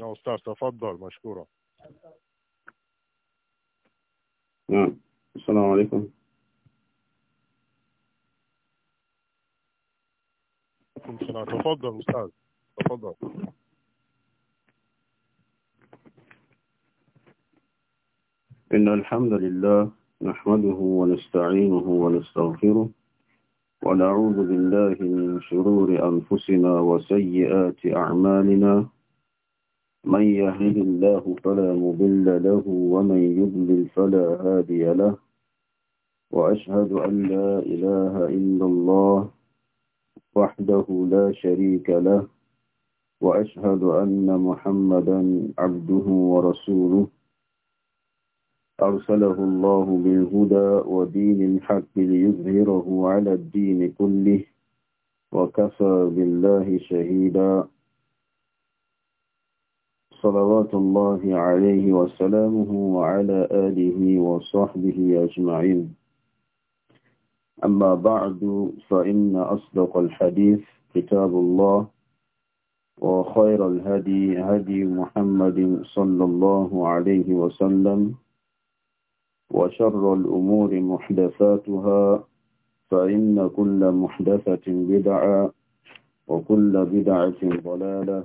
يا أستاذ تفضل مشكورة نعم السلام عليكم السلام تفضل أستاذ تفضل إن الحمد لله نحمده ونستعينه ونستغفره ونعوذ بالله من شرور أنفسنا وسيئات أعمالنا من يهد الله فلا مضل له ومن يضلل فلا هادي له وأشهد أن لا إله إلا الله وحده لا شريك له وأشهد أن محمدا عبده ورسوله أرسله الله بالهدى ودين الحق ليظهره على الدين كله وكفى بالله شهيدا صلوات الله عليه وسلامه وعلى آله وصحبه أجمعين أما بعد فإن أصدق الحديث كتاب الله وخير الهدي هدي محمد صلى الله عليه وسلم وشر الأمور محدثاتها فإن كل محدثة بدعة وكل بدعة ضلالة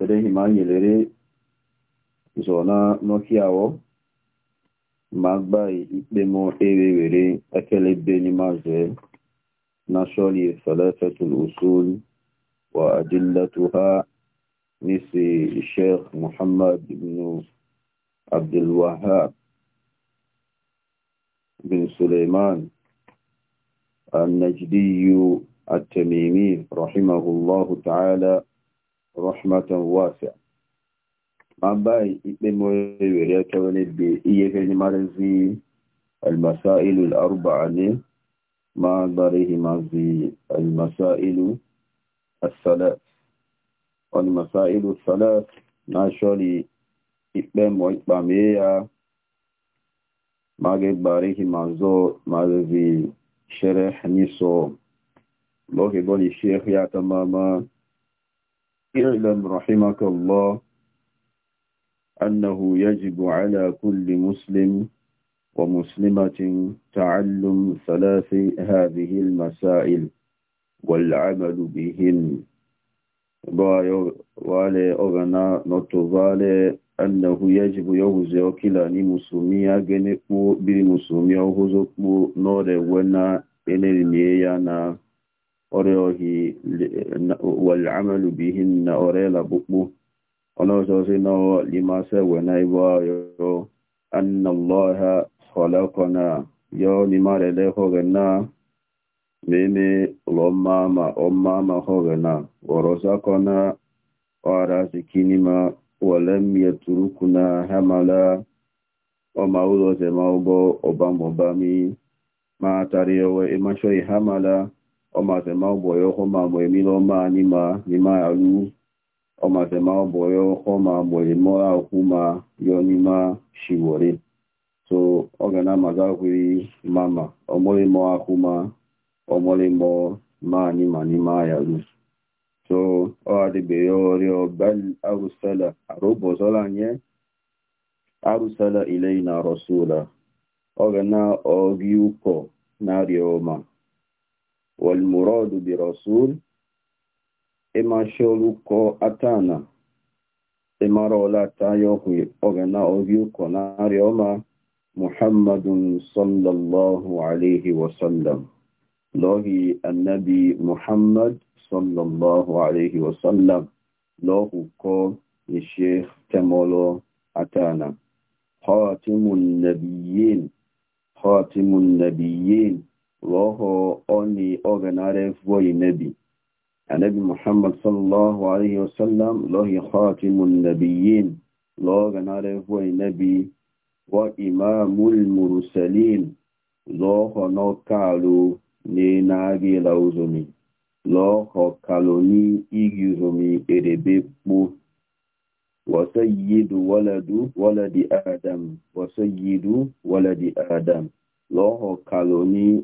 tere hima nyelere zona nokiawo ma gba ikpemo ewewere ekele beni maze na shori salafatul usul wa adillatuha nisi sheikh muhammad ibn abdulwahab بن سليمان النجدي التميمي رحمه الله تعالى rahmatan wasi'a mabai ikpe moye were ta wani be iye gani marazi almasailu al'arba'a ne ma barihi mazi almasailu as-salat almasailu as-salat na shori ikpe mo ipa meya mage barihi mazo marazi sharh niso lohe boli sheikh ya tamama اعلم رحمك الله أنه يجب على كل مسلم ومسلمة تعلم ثلاث هذه المسائل والعمل بهن wale ogana notovale annahu yajibu yohuze okila ni musumi agene kpo biri musumi ohuzo kpo nore wena enerimie ya na أريه والعمل بهن أري لبقو الله سبحانه لما سوى نايبا أن الله خلقنا يو لما رليه غنا mimi lomama omama hogana warosakona warazikinima walam yaturukuna hamala omaulozema obo obamobami matariowe imashoyi hamala ọmazema ọbọyọ ọma mọ emile ọma anima nima alu ọmazema ọbọyọ ọma mọ emọ akwụ ma yọ nima shiwore so ọ ga na amaza kwiri mama ọmọle mọ akwụ ma ọmọle mọ ma anima nima ayalu so ọ adịbeghị ọrịa ọbal arụsala arụbọzọla nye arụsala ile na rọsula ọ ga na ọgị ụkọ na arịa والمراد برسول إما شولوكو أتانا إما رولا تايوكي أغنى أوفيوكو ناريوما محمد صلى الله عليه وسلم لوهي النبي محمد صلى الله عليه وسلم لوهوكو الشيخ تمولو أتانا خاتم النبيين خاتم النبيين loho oni oganare voyi nebi anabi muhammad sallallahu alaihi sallam lohi khatimun nabiyyin loganare voyi nebi wa imamul mursalin loho no kalu ne nagi lauzumi loho kaloni igizumi erebe kpo وسيد ولد ولد آدم وسيد ولد آدم لوه كالوني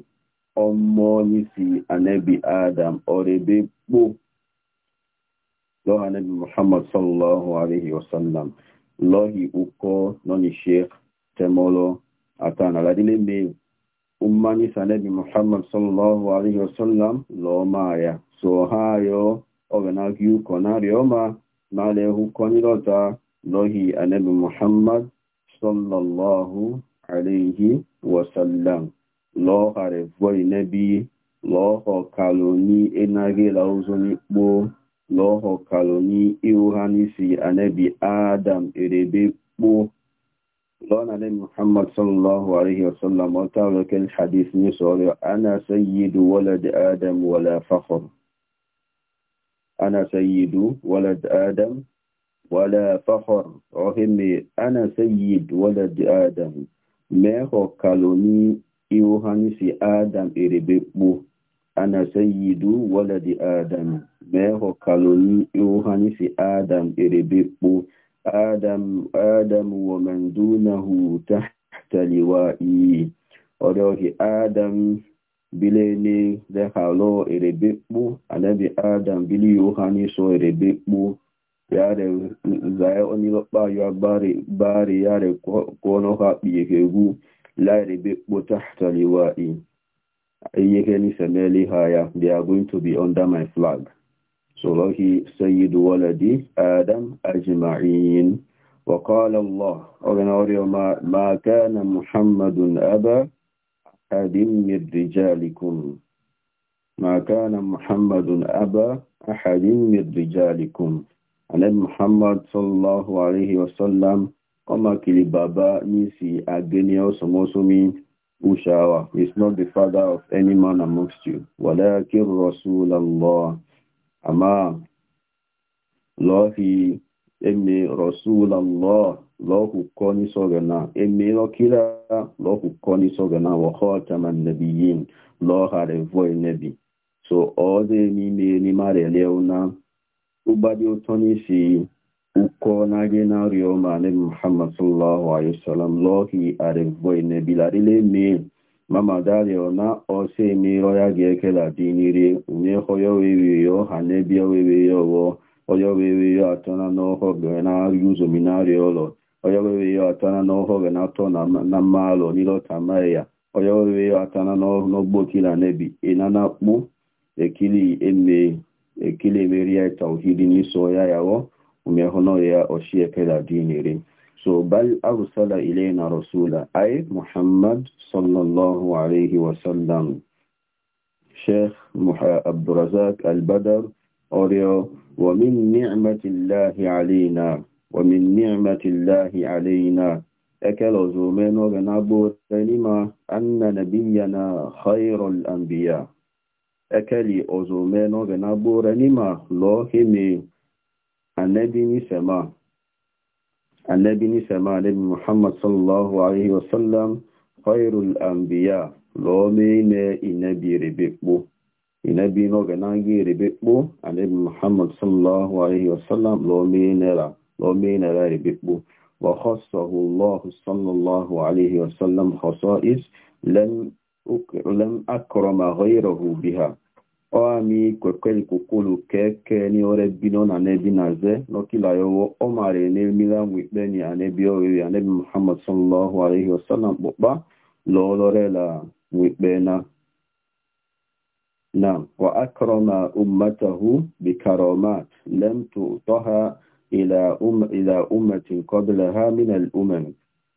ọmọ yìí sí anẹ́bí adam ọ̀rẹ́bẹ́ pò lọ́hàn anẹ́bí muhammad sallallahu alayhi wa sallam lọ́hì ukọ́ nọ́ni sheikh tẹmọ́lọ́ àtàn àládílé mail umma ní sanẹ́bí muhammad sallallahu alayhi wa sallam lọ́ọ́ máa yà sọ ha yọ ọ̀rẹ́ náà kí ukọ̀ náà rí ọmọ máa lẹ́ ukọ́ nílọ́ta lọ́hì anẹ́bí muhammad sallallahu alayhi wa lọgharịvọ inebiyi lọhọ kaloni enagela ụzọ n'ikpo lọhọ kaloni iụha n'isi anebi adam erebe kpo لون علي محمد صلى الله عليه وسلم وتعالى الحديث نسول أنا سيد ولد آدم ولا فخر أنا سيد ولد آدم ولا فخر وهمي أنا سيد ولد آدم ما هو كالوني iwu ha n'isi adam erebe kpo ana sayidu waladi adam mee hokaloni iwu ha n'isi adam erebe kpo adam adam waman dunahu tahta liwa'i ọdọhi adam bilene dehalo erebe kpo anabi adam bili iwu ha n'iso erebe kpo yare zaye onilokpa yo gbari yare kwono ha gu. لا ربك تحت لوائي أيكني سميليها يا they are going to be under my flag so لهي سيد ولدي آدم أجمعين وقال الله أغنى ما, ما كان محمد أبا أحد من رجالكم ما كان محمد أبا أحد من رجالكم أن محمد صلى الله عليه وسلم Omakili Baba Nisi Agenia Somosomi Ushawa is not the father of any man amongst you. Walakin Rasulallah. Ama Lohi Eme Rasulallah. Lohu Koni Sogana. Eme Lokira. Lohu Koni Sogana. Wahotaman Nebiyin. Loha Revoy Nebi. So all the Mime Nima Releona. Ubadi Otoni Si. uko na gị na-arịọ ma anabi muhammad sallallahu alaihi wasallam lọhi arevoi nebilarile mee mama dario na ọsọ emere ọya ga-ekela dị nire ume hoyo were ọha nebia were ọwọ ọya were atọna n'ọhọ bere na-arị ụzọ minarị ọlọ ọya were atọna n'ọhọ ga na-atọ na mma alọ n'ilọtamaghị ya ọya were atọna n'ọgbọ kila nebi ịnana kpụ ekili eme ekili emeria tauhidi n'iso ya yawo هنا يا أشياء كلا دينيري سو بل أرسل إلينا رسولا أي محمد صلى الله عليه وسلم شيخ عبد الرزاق البدر أوريو ومن نعمة الله علينا ومن نعمة الله علينا أكل زومين وغنابو التنمى أن نبينا خير الأنبياء أكل أزومين وغنابو رنما لوهمي النبي سما النبي سما النبي محمد صلى الله عليه وسلم خير الأنبياء لومين النبي ربيبو النبي نوغناغي ربيبو النبي محمد صلى الله عليه وسلم لومين لا لومين لا ربيبو وخصه الله صلى الله عليه وسلم خصائص لم لم أكرم غيره بها oami kwekwe ikokolu keke ni ore bino na nebi naze nokila yowo omare ne mila ni anebi oyo ya muhammad sallallahu alaihi wasallam kpokpa lolore la mwikpe na na wa akrama ummatahu bikaramat lam tu'taha ila um ila ummatin qablaha min al-umam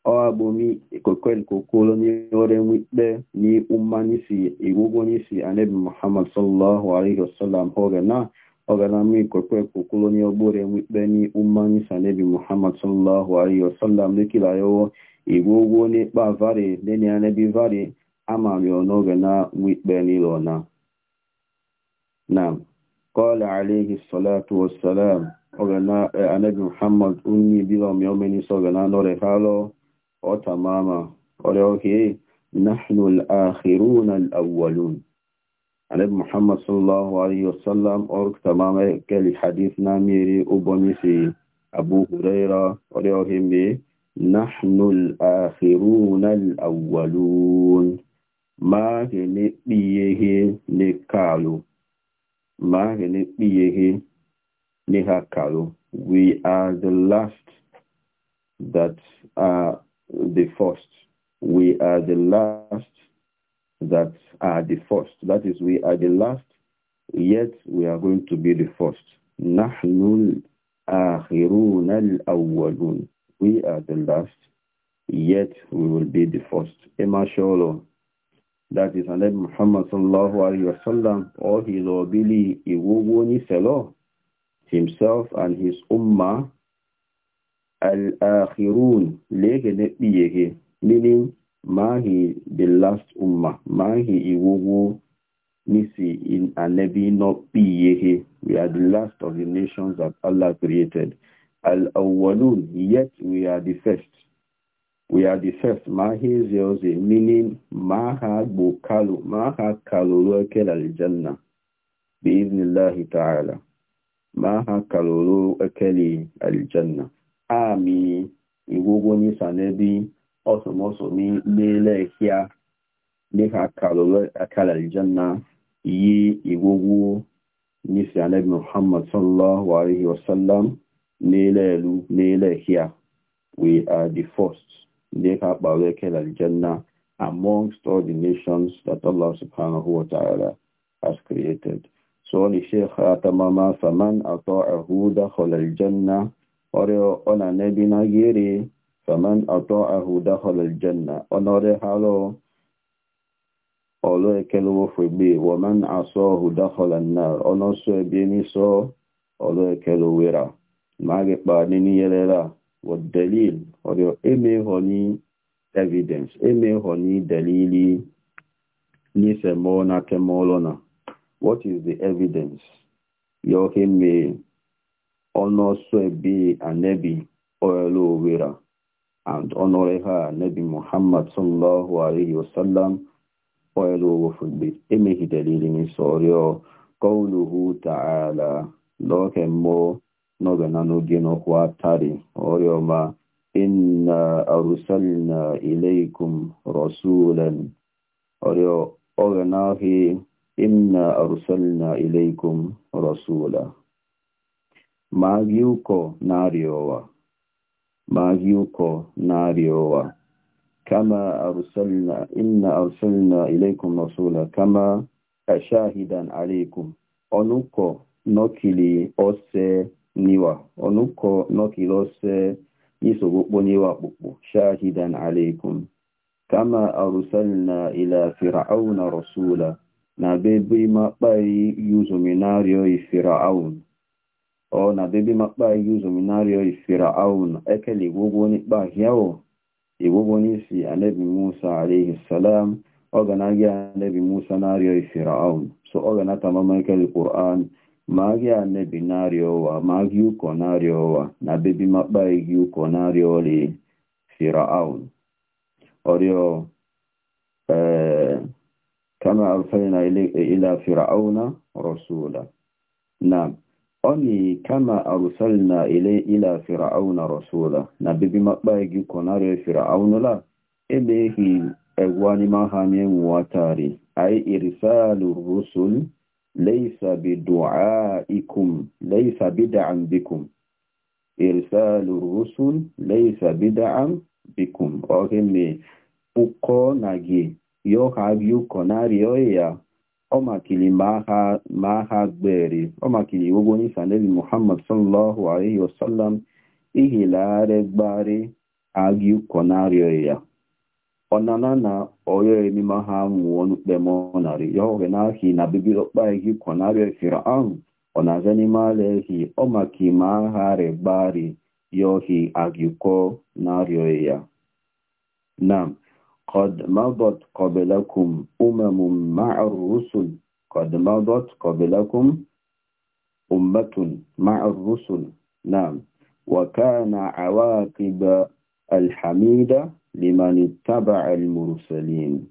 oabomi kokwel kokolo ni ore wikpe ni nisi igwugwo nisi anabi muhammad sallallahu alaihi wasallam ogana ogana mi kokwel kokolo ni ogbore wikpe ni anabi muhammad sallallahu alaihi wasallam nikila yo igwugwo ni pa vare neni anabi vare amami onogana wikpe ni lona nam قال عليه الصلاة والسلام أغنى النبي محمد أني بلا يوم نسوغنا نور حالو وتماما ولكن نحن الآخرون الأولون النبي محمد صلى الله عليه وسلم أرك تماما كل حديث ناميري أبني في أبو هريرة ولكن نحن الآخرون الأولون ما هني بيه نكالو ما هني بيه نهكالو we are the last that are the first. We are the last that are the first. That is, we are the last, yet we are going to be the first. نحن الآخرون الأولون. We are the last, yet we will be the first. Emasholo. That is then Muhammad sallallahu alayhi wa sallam all his obili himself and his ummah Al-akhirun lege ne ɓiyege, meaning mahi the last ummah, mahi iwogo nisi in anebi no We are the last of the nations that Allah created. Al-awwalun, yet we are the first. We are the first. Mahi zeoze, meaning maha bukalu, maha kalulu ekel al-jannah. بإذن الله تعالى ما هكالولو al jannah. àmì ìwógó ní sànẹ́bí ọ̀sọ̀mọ́sọ̀mí lélẹ́ẹ̀kíá níka kàlẹ̀ ìjọ́nà iye ìwógó ní sànẹ́bí muhammad sallallahu alaihi wasallam lélẹ́ẹ̀lú lélẹ́ẹ̀kíá we are the first níka pàwẹ́ kẹlẹ̀ ìjọ́nà amongst all the nations that Allah subhanahu wa ta'ala has created. So, Sheikh Atamama, فَمَنْ أَطَاعَهُ دَخَلَ الْجَنَّةِ Ọrịa ona nebi na giri faman ata'ahu dakhala aljanna onore halo olo ekelo wo nar ono so ebi ni so olo ekelo wera mage pa ni ni la eme honi evidence eme honi ni se mo na kemolona what is the evidence yo e me honor Swebi and anebi Oelo Wira and honor her Nebi Muhammad sallallahu alayhi wa sallam Oelo Wufulbi. Emehidelili ni sorio Qawluhu ta'ala Loke mo nogana n'oge n'ọkwa tari oriọma inna arusalna ileikum rasulan orio ogana hi inna arusalna ileikum rasula magiuko nariowa magiuko mageuko kama arsalna inna arsalna ilaykum rasula kama shahidan alaykum onuko nokili ose niwa onuko nokili ose nisogokpo niwa bubu shahidan alaykum kama arsalna ila fir'auna rasula na bebi mabai pai yuzo minario i fir'aun ọ na debe makpa yuzu minario ifira aun ekele igwogwo n'ikpa hiao igwogwo n'isi anabi musa alayhi salam ọ ga na-agị anabi musa nario ifira aun so ọ ga na-atamama ekele quran ma agị anabi nario wa ma agị ụkọ nario wa na bebi makpa igi ụkọ nario li fira aun ọrịọ kama arsalna ila firauna rasula naam oni kama arsalna ile ila fir'auna rasula na bibi makpa igi konare fir'auna la ebehi egwani mahamie nwatari ay irsalu rusul laysa bidu'aikum laysa bid'an bikum irsalu rusul laysa bid'an bikum oge me uko nagi yo have you konari oya ọmakili ma ha gbere ọmakili gbogbo nisa nebi muhammad sallallahu alaihi wasallam ihilare gbari agi ukọ na-arịọ ya ọnana na ọrịọ emime ha nwụọ n'ukpe mọnarị ya ọrị n'ahị na bibilọkpa egi ukọ na-arịọ fira ahụ ọ na-aza n'ime ala ehi ọmaki ma ha regbari ya ọhị agi na-arịọ ya nam قد مضت قبلكم أمم مع الرسل قد مضت قبلكم أمة مع الرسل نعم وكان عواقب الحميدة لمن اتبع المرسلين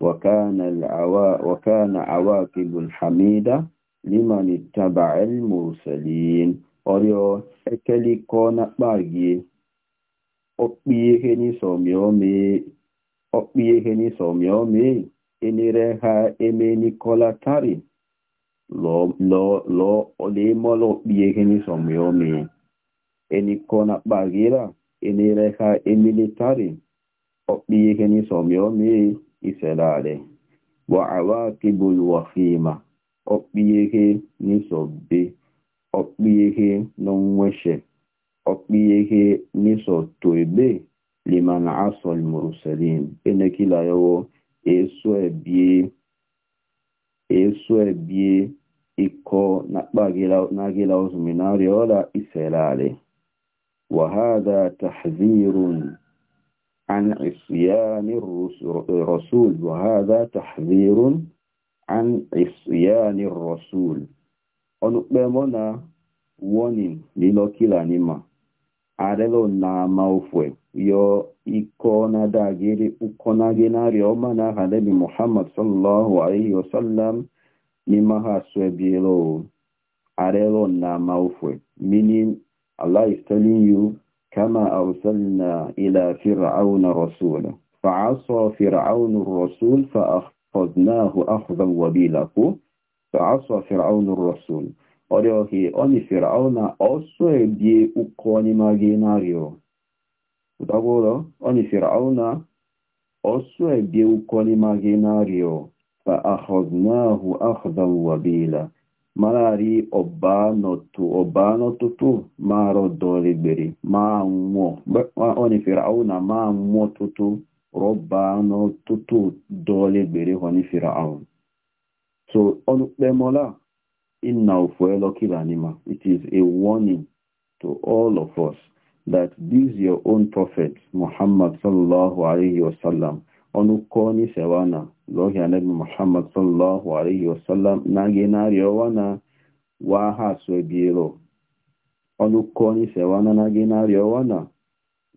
وكان العوا وكان عواقب الحميدة لمن اتبع المرسلين أريو أكلي كون باجي أبيه يومي ọkpụye ihe n'isọmiọmi enere ha eme nikolatari lọ ọlemọla ọkpụye ihe n'isọmiọmi enikona kpagira enere ha emilitari ọkpụye ihe n'isọmiọmi iselare wàhálàkìbùlùwàfìmà ọkpụyehe n'isọbe ọkpụyehe n'onweshe ọkpụyehe nisotoebe liman asọ mursalin enekila yawo eso ebie ikọ nagila ozuminari ọla iselali وهذا تحذير عن عصيان الرسول وهذا تحذير عن عصيان الرسول ọnukpe mọ na warning lílọ kílà arelo na maufwe yo ikona da giri ukona genari omana halebi muhammad sallallahu alaihi wasallam ni maha swebilo arelo na maufwe meaning allah is telling you kama arsalna ila fir'auna rasula فعصى فرعون الرسول فأخذناه أخذا وبيلا فعصى فرعون الرسول oriohi oni firauna oso ebie ukoni maginario utagoro oni firauna oso ebie ukoni maginario fa akhadnahu akhdan wabila malari obano tu obano tutu maro doligberi ma nwo oni firauna ma nwo tutu robano tutu doligberi oni firaun so onu pemola Inna ufuelo kilanima. It is a warning to all of us that this your own prophet, Muhammad sallallahu alayhi wa sallam, onukoni sewana, lohi anabi Muhammad sallallahu alayhi wa sallam, nagenari owana, waha suebielo. Onukoni sewana nagenari owana,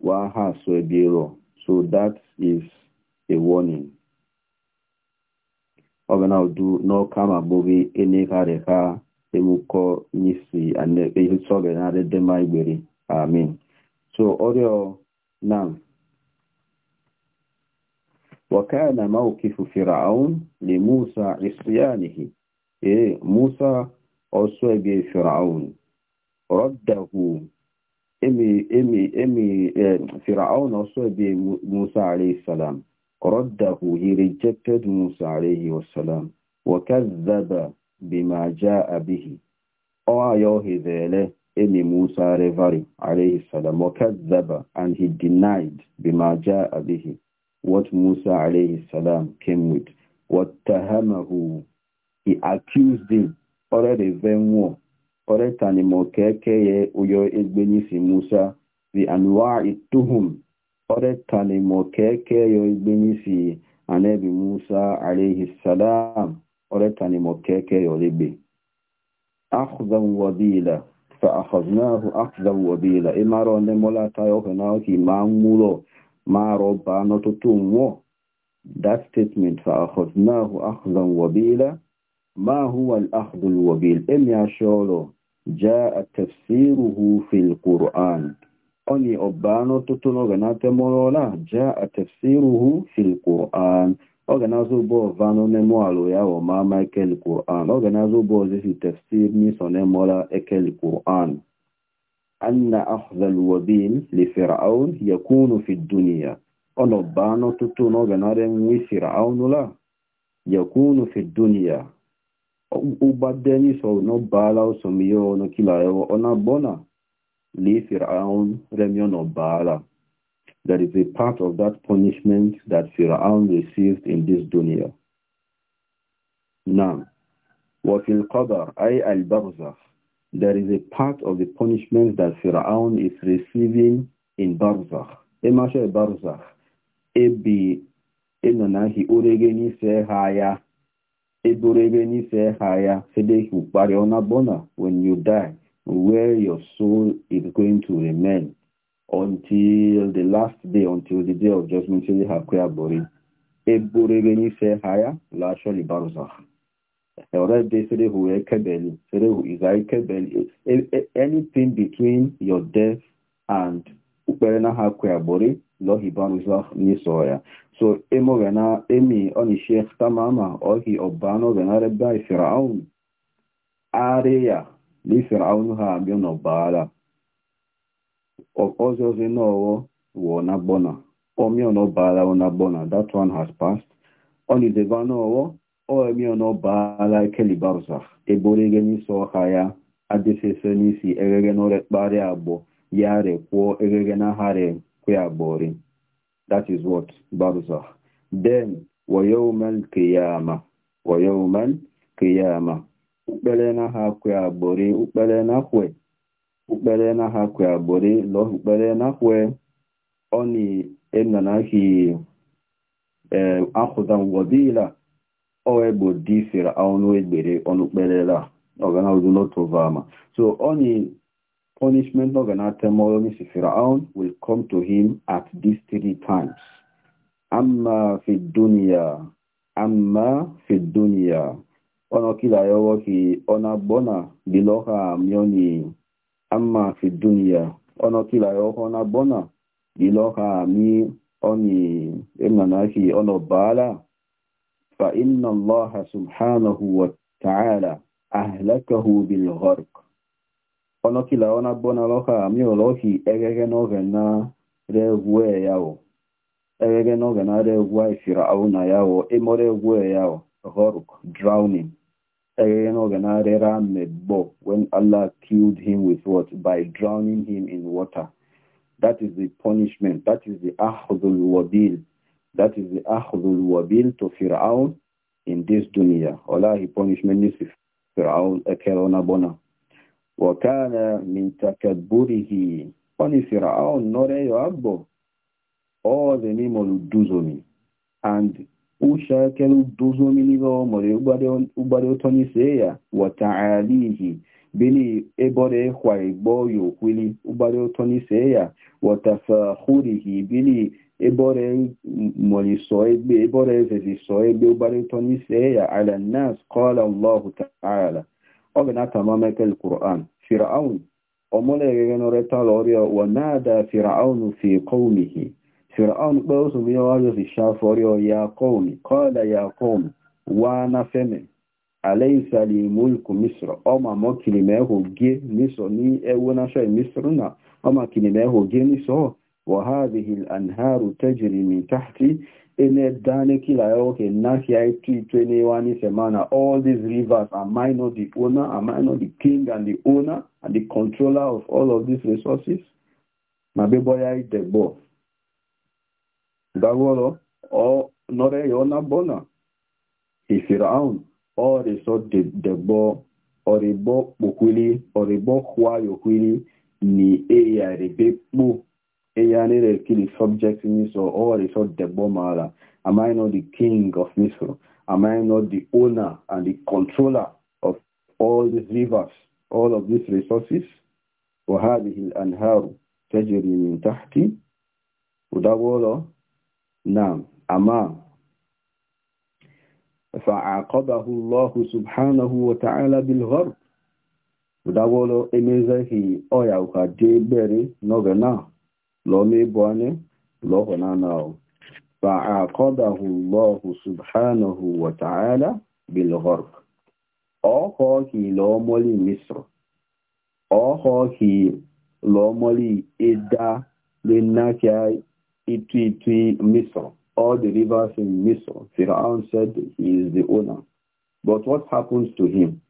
waha suebielo. So that is a warning ọbụna udu n'ọkama bụghị ịnịgharịha emukọ nyisi ehichọgadịma so ọrịọ na wakana mawkifu firaun li musa isyanihi e musa ọsụ ebe firaun rọdahu emi emi emi eh, firaun ọsụ ebe musa alayhi salam رده he rejected Musa عليه السلام وكذب بما جاء به أو يوهذيله Emi موسى Revari عليه السلام وكذب and he denied بما جاء به what موسى عليه السلام came with واتهمه he accused him already venwo already tanimo keke ye uyo egbeni si Musa bi anwa ituhum ọrẹtali mọkẹkẹ yọ igbenyisi anabi musa alayhi salam ọrẹtali mọkẹkẹ yọ legbe akhzan wabila fa akhadnahu akhzan wabila imaro ne mola tayo kana ki mangulo maro ba no tutumwo that statement fa akhadnahu akhzan wabila ما هو الأخذ الوبيل إم يا شولو جاء تفسيره في القرآن أني أبانو تتنو غنات مولا جاء تفسيره في القرآن أغنازو بو فانو نموالو يا وما ما إكل القرآن أغنازو بو زي تفسير نيسو نمولا إكل القرآن أن أخذ الوبين لفرعون يكون في الدنيا أنو بانو تتنو غنات موي فرعون لا يكون في الدنيا أبدا نيسو نبالا وسميو نكلا يو أنا بونا Leave Fir'aun Remion of Baala. That is a part of that punishment that Fir'aun received in this dunya. Now, وفي القبر أي البرزخ There is a part of the punishment that Fir'aun is receiving in Barzakh. Emashe Barzakh. Ebi enanahi uregeni se haya. Eburegeni se haya. Sedehi ukpari ona bona when you die where your soul is going to remain until the last day, until the day of judgment, until you have prayer body. Eboreveni se haya higher, sholi baruzah. Already sere hu ekebeli, sere hu izai kebeli. Anything between your death and uperena ha prayer body, lo baruzah ni soya. So emo vena emi oni sheikh tamama ohi obano vena reba ifiraun. Area lifere ahụhụ ha abịa n'ọbara ọzọ ọzọ n'ọwọ wọ n'agbọna omio n'ọbara wọ gbọna that one has passed ọnideba n'ọwọ omio e n'ọbara ekelibarza eborege n'isi ọha ya adịfefe n'isi e ya rekwuo egheghe na ha that is what then ukpele na ha kwe agbori ukpele na kwe ukpele na ha kwe agbori lo ukpele na kwe oni enna na hi eh akhudan wabila di fira onu egbere onu la ogana udulo tovama so oni punishment of an atemoloni Firaun will come to him at these three times. Amma fi dunya, amma fi dunya, ona kila yowo ki ona bona biloha mioni amma fi dunya ona kila yowo ona bona biloha mi oni emnana ki ono bala fa inna allaha subhanahu wa ta'ala ahlakahu bil gharq ona kila ona bona loha mi olohi egege no gena yawo egege no gena na yawo emore yawo gharq drowning when Allah killed him with what? By drowning him in water. That is the punishment. That is the ahdul wabil. That is the ahdul wabil to Fir'aun in this dunya. Allah, he punishment is Fir'aun ekerona bona. وَكَانَ مِنْ تَكَبُّرِهِ Pani Fir'aun nore yo abbo. All the name of And ushakelu dozominiba omore ugbade otonise ya wataalihi bili ebore kwa igbo yokwili ugbade otonise ya watafahurihi bili ebore moliso egbe ebore ezeziso egbe ugbade otonise ya ala nas qala allahu ta'ala ogana tamameke alquran fir'aun omole gegenoreta loria wanada fir'aunu fi qaumihi Firaun pé ó sùn bí wọ́n yóò sì qala ọ̀yà kọ́ọ̀mì kọ́ọ̀dà yà alaysa li náfẹ́mẹ̀ aláìsàlì mulku misra ọmọ àmọ́ kìlìmẹ́hò gé misra ní ẹwọ́ náṣọ́ misra náà ọmọ kìlìmẹ́hò gé misra wọ̀ hadhihi al-anharu tajri min tahti ene dane kila yoke nasi aitu itwene wani semana all these rivers are mine not the owner am I not the king and the owner and the controller of all of these resources mabebo ya idegbo dagwolo o nore yona bona ifiraun oriso oh, debo oribo kpokwili oribo kwa yokwili ni e eya rebe e eya nere kili subject miso oriso oh, debo mara am i not the king of miso am i not the owner and the controller of all these rivers all of these resources وهذه الأنهار تجري من تحتي ودغولو نعم أما فعاقبه الله سبحانه وتعالى بالغرب وداولو إميزه أويا وخدي بري نغنا لومي بواني لوغنا ناو فعاقبه الله سبحانه وتعالى بالغرب أخوكي لومولي مصر أخوكي لومولي إدا لنكي Itwi Itwi Misr, all the rivers in Misr. Pharaoh said he is the owner. But what happens to him?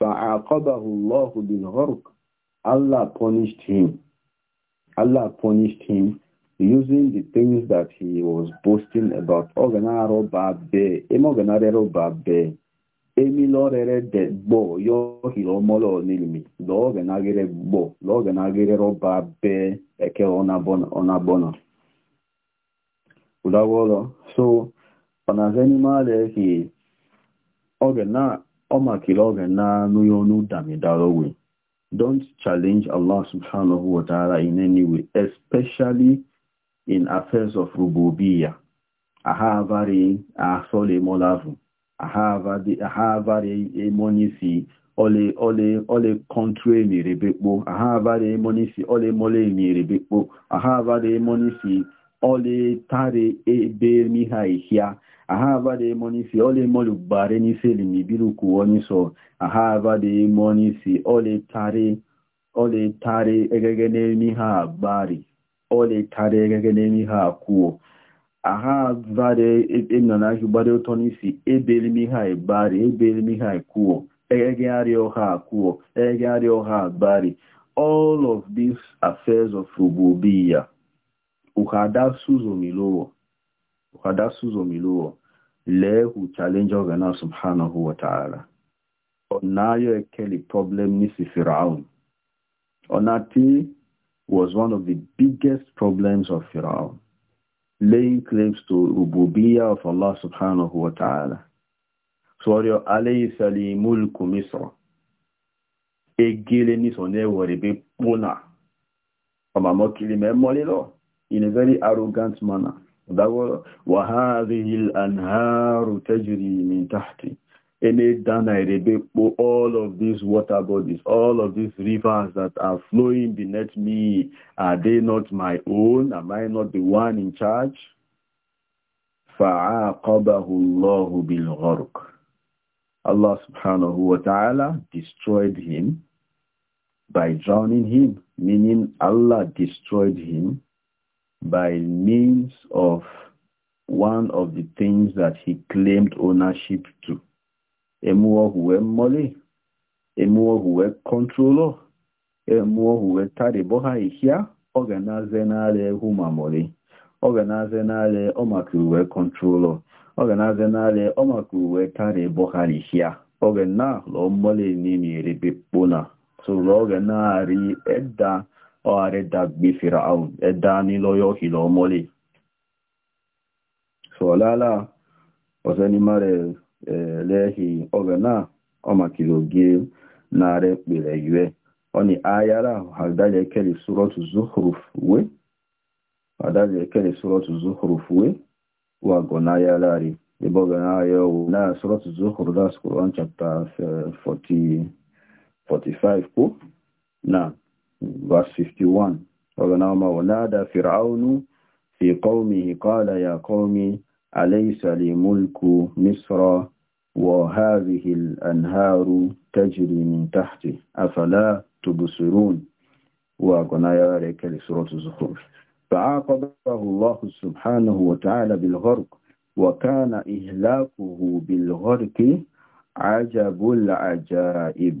فَعَاقَبَهُ اللَّهُ بِالْغَرْقِ Allah punished him. Allah punished him using the things that he was boasting about. Ọganaro emoganarero emilorere de yo nilmi, lọganagere eke ụdawọrọ so ọnazeni male ki oge na omakile oge na nuyonu damidarowe don't challenge Allah subhanahu wa ta'ala in any way especially in affairs of rububiya ahavari asole molavu ahavari avari emonisi ole ole ole kọntrol emerebekpo avari emonisi ole mole aha avari emonisi ole tare ebe miha ihia e aha avade monisi ole molu bare ni seli mi biru ku oni so aha avade monisi ole tare ole tare egege ne mi ha bari ole tare egege ne mi ha kuo aha avade emna e na ju bare otonisi ebeli mi ha e bari ebeli mi ha kuo egege ari oha egege ari oha all of these affairs of rububiyah Uhadasuzomilowo. Uhadasuzomilowo. Le who challenge Ogana subhanahu wa ta'ala. Onayo Ekeli problem si Firaun. Onati was one of the biggest problems of Firaun. Laying claims to Ububiyah of Allah subhanahu wa ta'ala. So alaysa li mulku Misra. Egele ni sonne warebe pona. Ọmọ mọ́kìlì mẹ́mọ́lé lọ in a very arrogant manner. وَهَذِهِ الْأَنْهَارُ تَجْرِي مِنْ تَحْتِي all of these water bodies, all of these rivers that are flowing beneath me, are they not my own? Am I not the one in charge? فَعَاقَبَهُ اللَّهُ بِالْغَرْقِ Allah subhanahu wa ta'ala destroyed him by drowning him, meaning Allah destroyed him by means of one of the things that he claimed ownership to. Emuohuwe Mole, Emuohuwe Controller, Emuohuwe Tariboha Ihia, Organizenale Huma Mole, Organizenale Omakuwe Controller, Organizenale Omakuwe Tariboha Ihia, Ogena Lomole Nini Rebipona. So Loganari Edda. ọ̀hárẹ̀ dàgbé fìràún ẹ̀dá nílọ́yọ́ ìlọ ọmọlé sọ̀lálà ọ̀sẹ́nimáre lẹ́hì ọ̀gẹ̀ náà ọmọkìlógé náàrẹ pèrè yúẹ́ ọni ayára àdálẹ̀kẹ́lẹ̀ sọ́rọ̀tù zuhurufuwe wà gọ̀náyára rí ìbọ̀gẹ̀ náà yọ̀wò náà sọ́rọ̀tù zuhuru that's Quran chapter 40, 45 kó náà verse 51 ربنا وما ونادى فرعون في قومه قال يا قوم أليس لي ملك مصر وهذه الأنهار تجري من تحتي أفلا تبصرون وقنا يارك لسورة الزخرف فعاقبه الله سبحانه وتعالى بالغرق وكان إهلاكه بالغرق عجب العجائب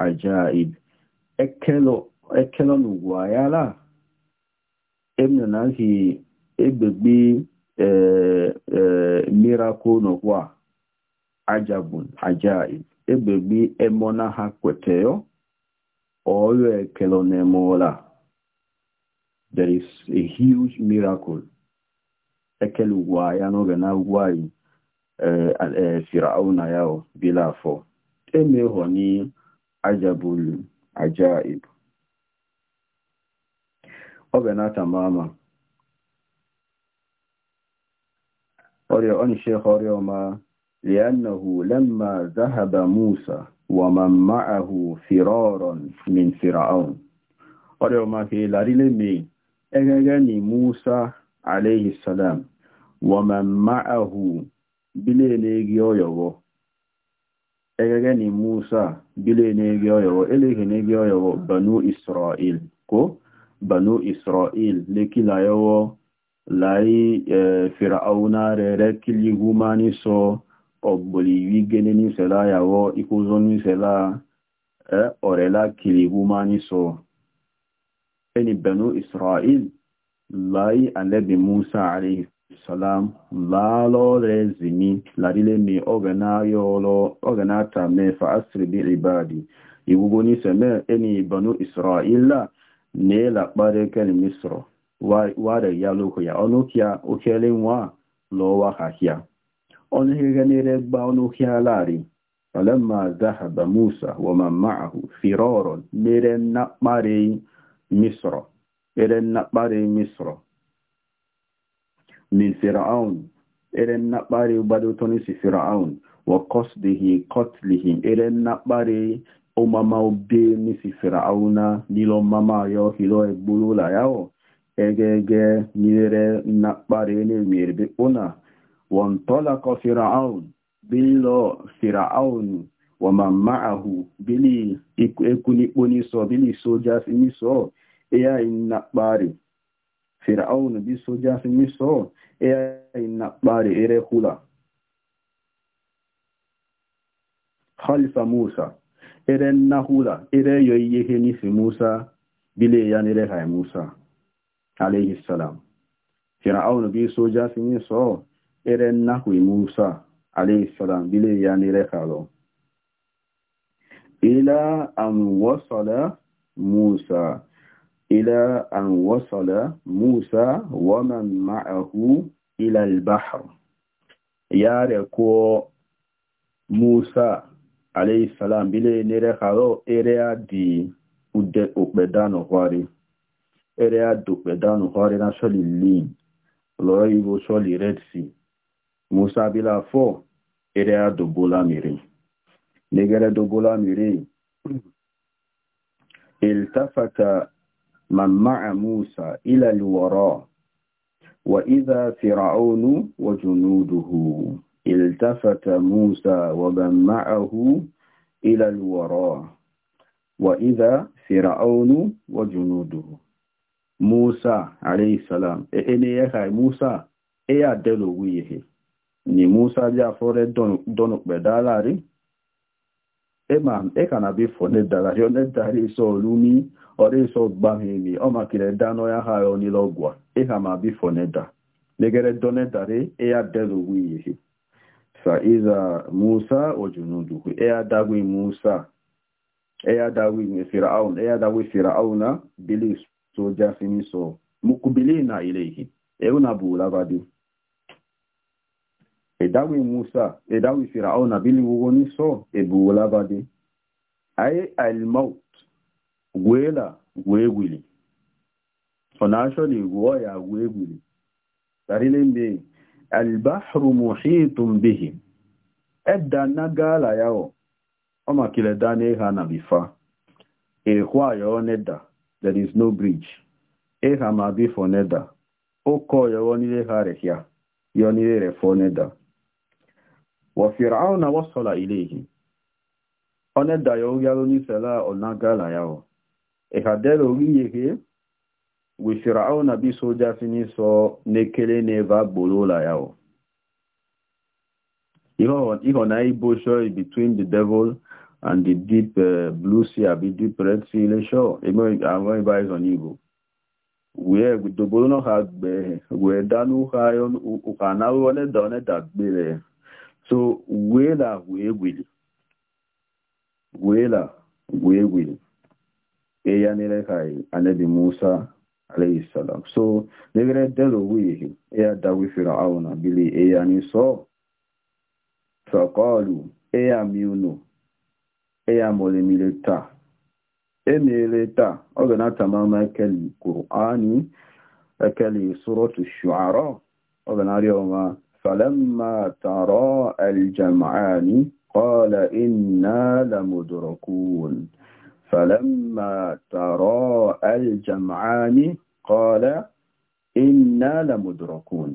ajaib ekelo ekelo n'ugwu anyị ala emna na nhi egbegbe eh, eh, miracle n'ụwa ajabun ajaib egbegbe emona ha kweteyo ọrụ ekelo na there is a huge miracle ekele ugwu ya n'oge na ugwu anyị eh, firauna ajabulu ajaib وبنا تماما قرئ أن شيخ ما لأنه لما ذهب موسى ومن معه فرارا من فرعون قرئ ما في لاريلمي أغاني موسى عليه السلام ومن معه بلينيجيو يوه egege ni musa bile na-ege ọyọwọ eleghị na-ege ọyọwọ banu israel ko banu israel lekila yọwọ lai eh, firauna rere kilihu ma ni so ọgboliwi gene ni sela yawọ ikuzo ni sela ọrela eh, kilihu ma ni so ẹni banu israel lai anabi musa alayhi salam laalore zimi larile mi oganata me fa asiri bi ibadi iwugo ni seme eni banu isra'ila ne laɓare ken misro ware ya loko ya ọnụ kia okele nwa lọwa hakia ọnụ ihe nere gba ọnụ kia lari falamma zahaba musa wa man ma'ahu firoron mere na kpare misro min fir'aun irin na ɓare badotoni si fir'aun wa qasdihi qatlihi irin na ɓare umama obe ni si fir'auna nilo mama yo hilo egbulu la yawo egege nire na ɓare ni mirbi una wa ntolaka fir'aun bilo fir'aun wa man ma'ahu bili ekunipo ni so bili soja si ni eya in na fir'aun bi soja si ni ere na kpari ere hula khalifa musa ere na hula ere yo ihe nisi musa bile ya nere ha musa alayhi salam fir'aun bi soja sin so ere na ku musa alayhi salam bile ya nere ha ila am wasala musa إلى أن وصل موسى ومن معه إلى البحر ياركو موسى عليه السلام بلي نيرخارو إريا دي ude okpedano hwari ere ada okpedano hwari na sholi lin lọrọ igbo sholi red sea musa bila 4 ere ada obola miri negere dobola miri iltafata من مع موسى إلى الوراء وإذا فرعون وجنوده التفت موسى ومن معه إلى الوراء وإذا فرعون وجنوده موسى عليه السلام إني يخي موسى إيا دلو ويه ni musa ja fore donuk be dalari ema ekana bifo nedala yo nedala iso e olumi ore iso e ọ oma kire dano ya ha oni logwa eha ma bifo neda negere donedare eya delu wiyi fa iza musa ojunudu eya dagwi musa eya dagwi firaun eya dagwi firauna bilis so jafini so mukbilina na euna e bulabadi edawi musa edawi firaun abili wugo ni so ebuwo labade aye almaut gwela gwegwili ona asholi gwo ya gwegwili tarile mbe albahru muhitun bihim edda nagala yao oma kile dane ha na bifa ehwa yo neda there is no bridge eha ma bifo neda oko yo nile ha rehia yo nile refo neda wa fir'auna wasala ilayhi one dayo yalo ni sala onagala yao e hadelo yeke we fir'auna bi soja fini so nekele ne va bolola yao iho iho na ibo show between the devil and the deep uh, blue sea abi deep red sea le show emo àwọn iba is on ibo we gbogbo no ha gbe we danu ha yon ukana won da one da so wela wee gwili wela wee gwili eya nere kai anabi musa alayhi salam so negere delo wihi eya dawi fir'auna bili eya ni so faqalu eya miuno eya mole mileta emeleta ogana tamama kali qur'ani kali suratu shu'ara ogana rioma فلما ترى الجمعان قال إنا لمدركون فلما ترى الجمعان قال إنا لمدركون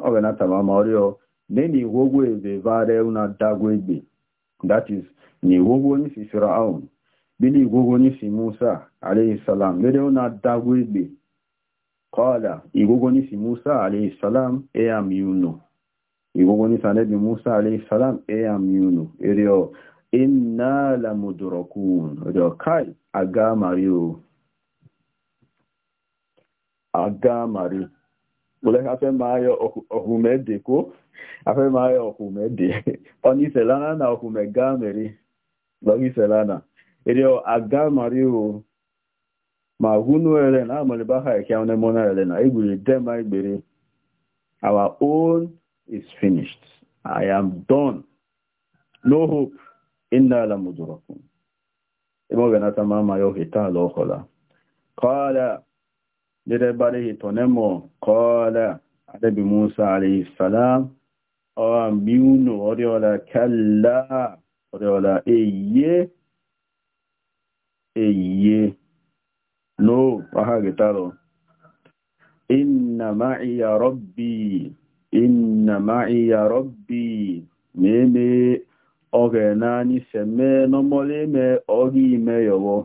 أغنى تمام أريو نيني وغو بفاريونا داغويبي that is ni wogo ni fi Firaun bili igogo ni fi Musa alayhi salam lede ona dagwegbe qala igogo ni fi Musa alayhi salam e am you ìgbogbo ní sanẹ́bì musa aleyhisselam amunu eré iná lamudurokun ọjọ́ káì agámarí o agámarí wọlẹ́ka fẹ́ máa yọ ọkùnmẹ́dẹ̀ kó afẹ́ máa yọ ọkùnmẹ́dẹ̀ ọníṣẹ̀lánà na ọkùnmẹ́gámẹ̀rí lọ́gíṣẹ̀lánà eré ọ agámarí o ma hunu ẹ̀rẹ̀ náà mọ̀lẹ́bá ẹ̀kẹ́ ọ̀nẹ́mọ́ná ẹ̀rẹ̀ náà ìgbèrè dẹ́mà ìgbèrè our own is finished. I am done. No hope. Inna la mudurakun. Ibo gana ta mama yo hita lo kola. Kala. Dede bari hito nemo. Kala. Adabi Musa alayhi salam. Awa mbiunu oriola kalla. Oriola eye. Eye. No. Aha gitaro. Inna ma'iya rabbi. Rabbi. inna ma'i ya rabbi meme oge naanị seme n'ọmọlị ime oge ime yọwọ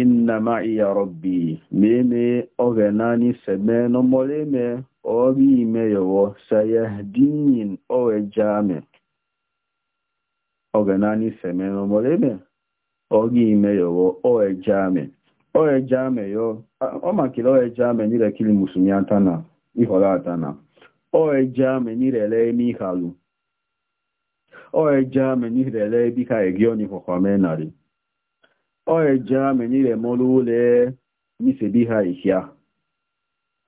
inna ma'i ya rabbi meme oge naanị seme n'ọmọlị ime oge ime yọwọ sayahdin oge jami oge naanị seme n'ọmọlị ime oge ime yọwọ oge jami oge jami yọ ọ makila oge jami nílẹ̀ kiri musulmi atana ihọla atana oeja menirele mihalu oeja menirele bika egioni hohomenari oeja menire molule misebiha ihia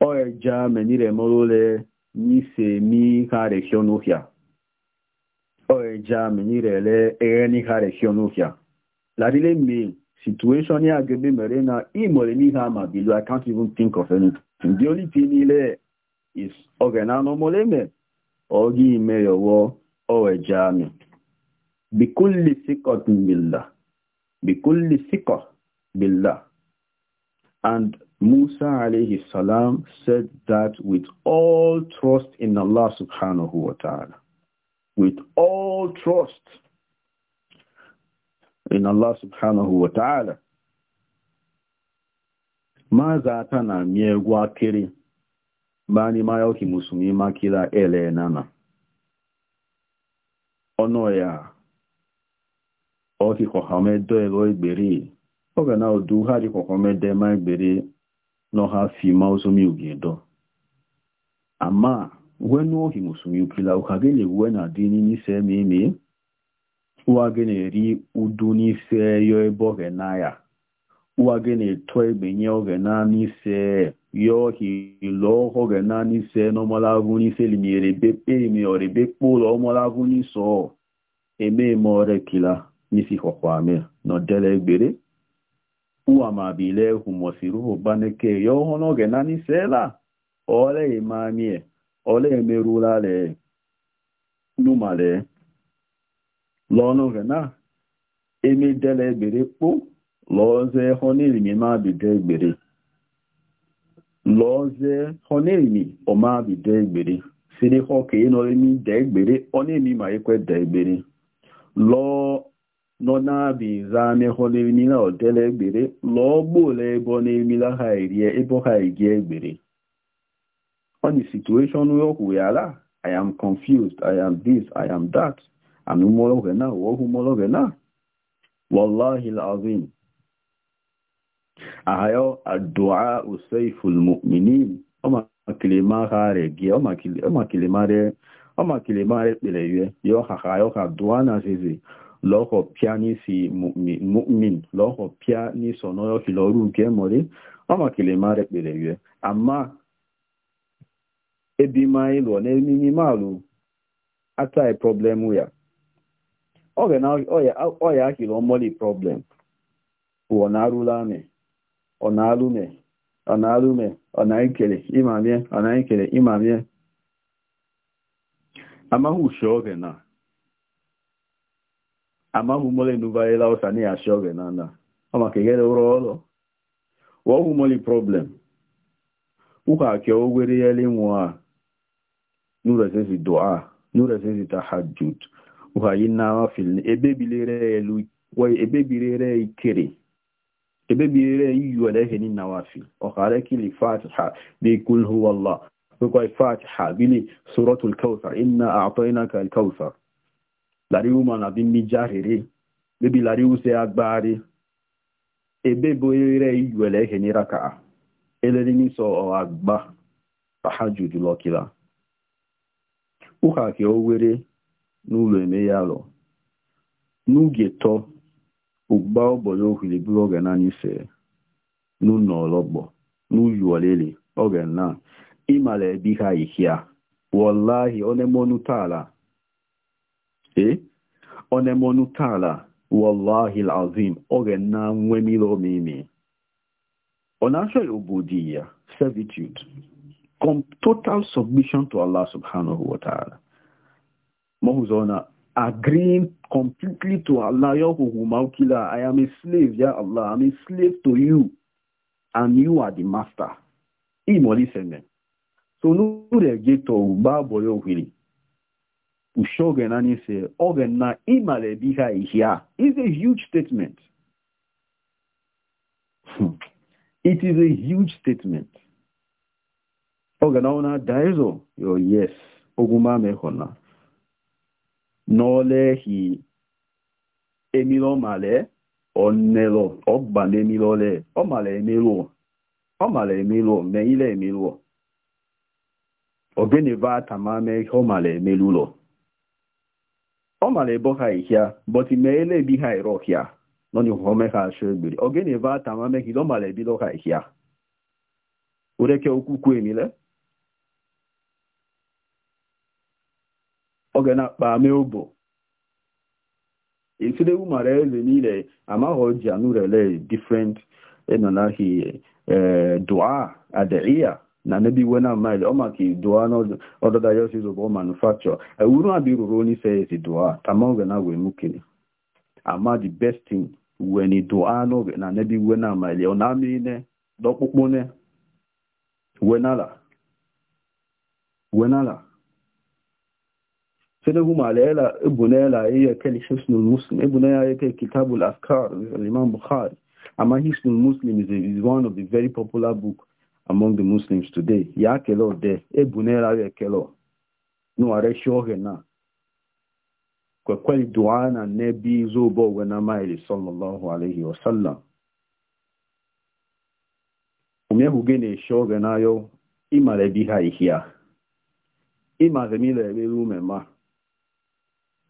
oeja menire molule misemiha regionuhia oeja menirele eeniha regionuhia larile me e situation ya gebe mere na imore miha amabilu i can't even think of anything the only thing ile is ogenano moleme ogi imeyowo owe jami bikulli sikotin billah bikulli siko billah and Musa alayhi salam said that with all trust in Allah subhanahu wa ta'ala with all trust in Allah subhanahu wa ta'ala ma za ta na akịrị bani mayo ohi musumi makila ele nana ono ya oki kohame do elo igberi oga na odu hari kohame na ma ha fi ma osumi ugedo ama wenu oki musumi ukila ukagele wena dini ni se mimi uwa generi udu ni se yo ebo genaya uwa gene to egbenye oge na ni yo hilo hoge nani se no malavuni se limiere bepe mi ore bepo e lo malavuni so eme more kila nisi hokwame no dele gbere uwa ma bile humosiru hobaneke yo hono ge nani se la ole imamie ole emerula le e e, numale lọ́nà rẹ̀ náà eme dele gbere po lo ze honil ma bi de gbere lọ́ọ́zẹ́ ọ̀nẹ́ẹ̀mí ọmọ àbìdẹ́ ìgbèrè sílé ọkẹ̀ yìí nọ́ẹ́mí dẹ́ ọ̀nẹ́ẹ̀mí mà ẹ̀kọ́ lọ́ọ́ nọ́nà àbìzá mẹ́kọ́lẹ́ẹ̀mí náà ọ̀dẹ́lẹ̀ ìgbèrè lọ́ọ́gbò lẹ́ẹ̀bọ́ n'ẹ̀mí láha ìrìẹ́ ẹ̀bọ́ ha ìgẹ́ ìgbèrè. on the situation yọkù yàrá I am confused I am this I am that àmì mọ́lọ́gẹ̀ náà mọ́lọ́gẹ̀ náà ahayo addu'a usayful mu'minin oma kilima hare gi oma kilima oma kilima re oma kilima re pele ye yo haha yo ha du'a na sisi loko piani si mu'min piani sono yo kiloru nke mori oma kilima re pele amma ebi mai lo ne mimi malu atai e problem ya oge na oya oya akilo problem ọ na-alụme alụ ọ na-alụme alụ ọ na-ekele ịmamie ọ na-ekele ịmamie Amahụ, ushe oge na amaghị mole nubayela ụsa na yashi oge na na ọ maka ihere ụrọ ọlọ wọhụ moli problem ụka ke ogwere yeli nwa a nurezezi dua nurezezi tahajud ụha yi na ebe bilere ikere ebebire yiyo lehe ni nawafil ọkàrẹ kìlì fatiha bí kul huwa allah pípọ̀ fatiha bílì suratul kawthar inna a'tainaka al-kawthar lariwu ma na bí mi jáhìrí bíbi lariwu sí agbárí ebebire yiyo lehe ni raka'a eléri ní sọ ọ àgbà tahajjud lọ kìlá ụka ka o were n'ụlọ eme ya lọ n'oge tọọ ugba ụbọchị ohiri bụrụ oge na n'ise n'ụlọọlọgbọ n'uyuolele oge na ịmara ebe ha ihia wallahi onemonu taala ee eh? onemonu taala wallahi alazim oge na nwemiri omimi ọ na obodo obodi ya servitude com total submission to allah subhanahu wa ta'ala mahụzọ na agreeing completely to Allah, Yahuwah I am a slave, Ya Allah, I'm a slave to you, and you are the master. Imoli sende. So no get to boyo wili. Ushogen ani se, ogen na imale biha ihya. It's a huge statement. Hmm. It is a huge statement. Ogen ona daizo, yo yes, oguma mehona. n'olehi emilo male onelo ogba n'emilo le ọ mara emilo ọ mara emilo me ile emilo ogene va tamame ihe ọ mara emelulo ọ mara ebo ha ihia but me ele ebi ha ere ọhịa nọ n'ihu ome ha asụ egbiri ogene va tamame ihe ọ mara ebido ha ihia ureke okwukwu emile oge na-akpa ame obo esile umara eze niile amaghị oji anụrele different enọnahi e, dua adaiya na n'ebe iwe na mile ọ maka dua n'ọdọda ya osizo bụ manufacture ewuru adị ruru onye ise ezi dua tama oge na wee mukini ama di best thing weni dua n'oge na n'ebe iwe na mile ọ na-amị ine dọkpụkpụ ne wenala wenala فلهم على إلا ابنا لا يكل حسن المسلم ابنا يكل كتاب الأفكار الإمام بخاري أما حسن المسلم is, is one of the very popular book among the Muslims today ya kelo de ebuna ekele yekelo no are shoge na kwa kweli dua na nabi zobo wena maili sallallahu alayhi wasallam umehugene shoge nayo imale biha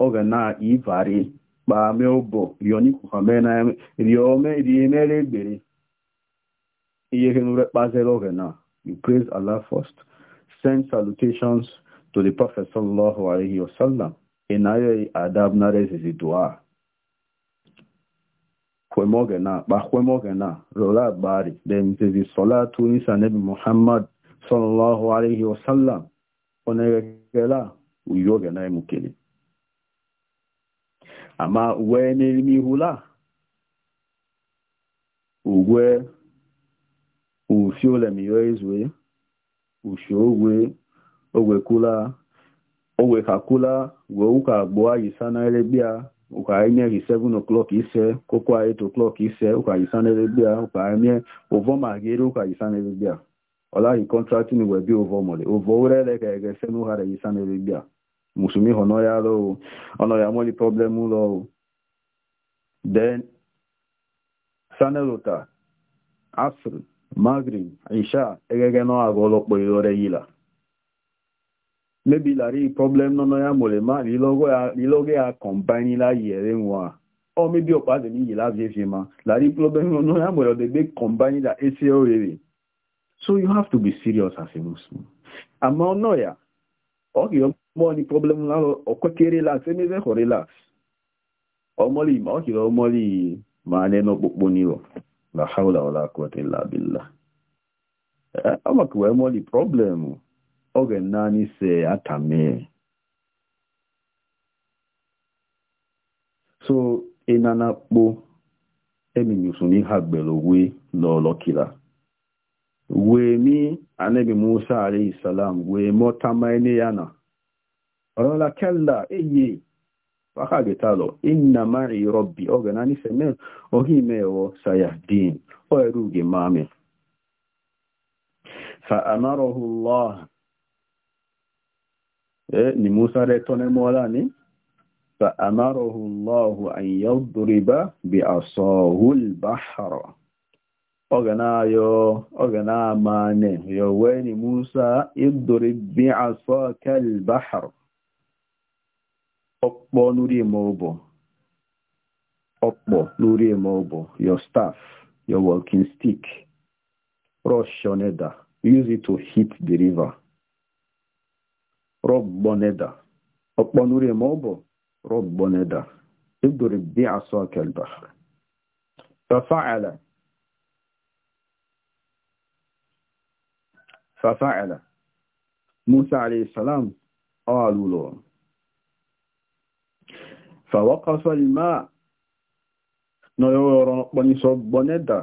oge na-ivari kpame ụbọ riomeriemere egbere ihe henure kpazere oge na you praise Allah first send salutations to the prophet sallallahu alaihi wasallam inayo adab na rezizi dua kwemoge na kpakwemoge na rola bari then zizi salatu nisa nabi muhammad sallallahu alaihi wasallam onegekela uyoge na emukele ama uwe n'erimihu la uwe ufiolemiyo ezwe kula a ogwekakula wee ụka abụọ yisa n'elegbia ụka emeghị 7 o'clock ise kokwa 8 o'clock ise ụka yisa n'elegbia ụka eme ụvọma gịrị ụka yisa n'elegbia ọlaghị kọntraktin wee bịa ụvọmọlị ụvọ ụrele ka egese n'ụghara yisa musulmi ọ̀nà ya lọ o ọ̀nà ya lọ then sanelota asr maghrib aisha, egege náà àgọ́ ọlọ́pọ̀ ìrọrẹ yìí là maybe lárí problem náà ya mọ̀lẹ̀ máa lílọ́gẹ́ ya combine láyé ẹ̀rẹ́ wọn ọ maybe ọ̀pá àtẹ̀mí yìí láti fi ma lárí problem náà ya mọ̀lẹ̀ ọ̀dẹ̀gbẹ́ combine la acl rere so you have to be serious as a muslim àmọ́ náà ya ọkì ọkì mo ni problem la oko kere la se mi ma o kire omoli ma ne no popo ni lo la hawla wala quwwata illa billah ama ku omoli problem oge nani se atame so enana po eminyusun ni hagbelo we lo wee mi anabi musa alayhi salam wee mọta ma ya n' ọ̀rọ̀ la kẹ́lá èyí wákàgbẹ̀ta lọ iná máa rí rọ́bì ọ̀gẹ̀nà nífẹ̀ẹ́ mẹ́ orí mẹ́wọ́ sayà dín ọ ẹrú gẹ̀ máa mẹ́ fa'amárọ̀hùlọ́ ni musa rẹ̀ tọ́nẹ́ mọ́lá ní fa'amárọ̀hùlọ́hù àyíyàn dúríbá bí àsọ̀hùl báhàrọ̀ ọ̀gẹ̀nà máa nẹ̀ yọ̀wẹ́ ni musa ìdúrí bí àsọ̀kẹ́l ọ̀pọ̀ lórí ẹ̀mọ́ ọ̀bọ̀ ọ̀pọ̀ lórí ẹ̀mọ́ ọ̀bọ̀ your staff your walking stick rush on ẹ̀dà use it to hit the river rọ̀gbọ́n ẹ̀dà ọ̀pọ̀ lórí ẹ̀mọ́ ọ̀bọ̀ rọ̀gbọ́n ẹ̀dà اضرب بعصاك البحر ففعل Musa موسى عليه السلام قالوا له fa waqafa alma no yoro boneda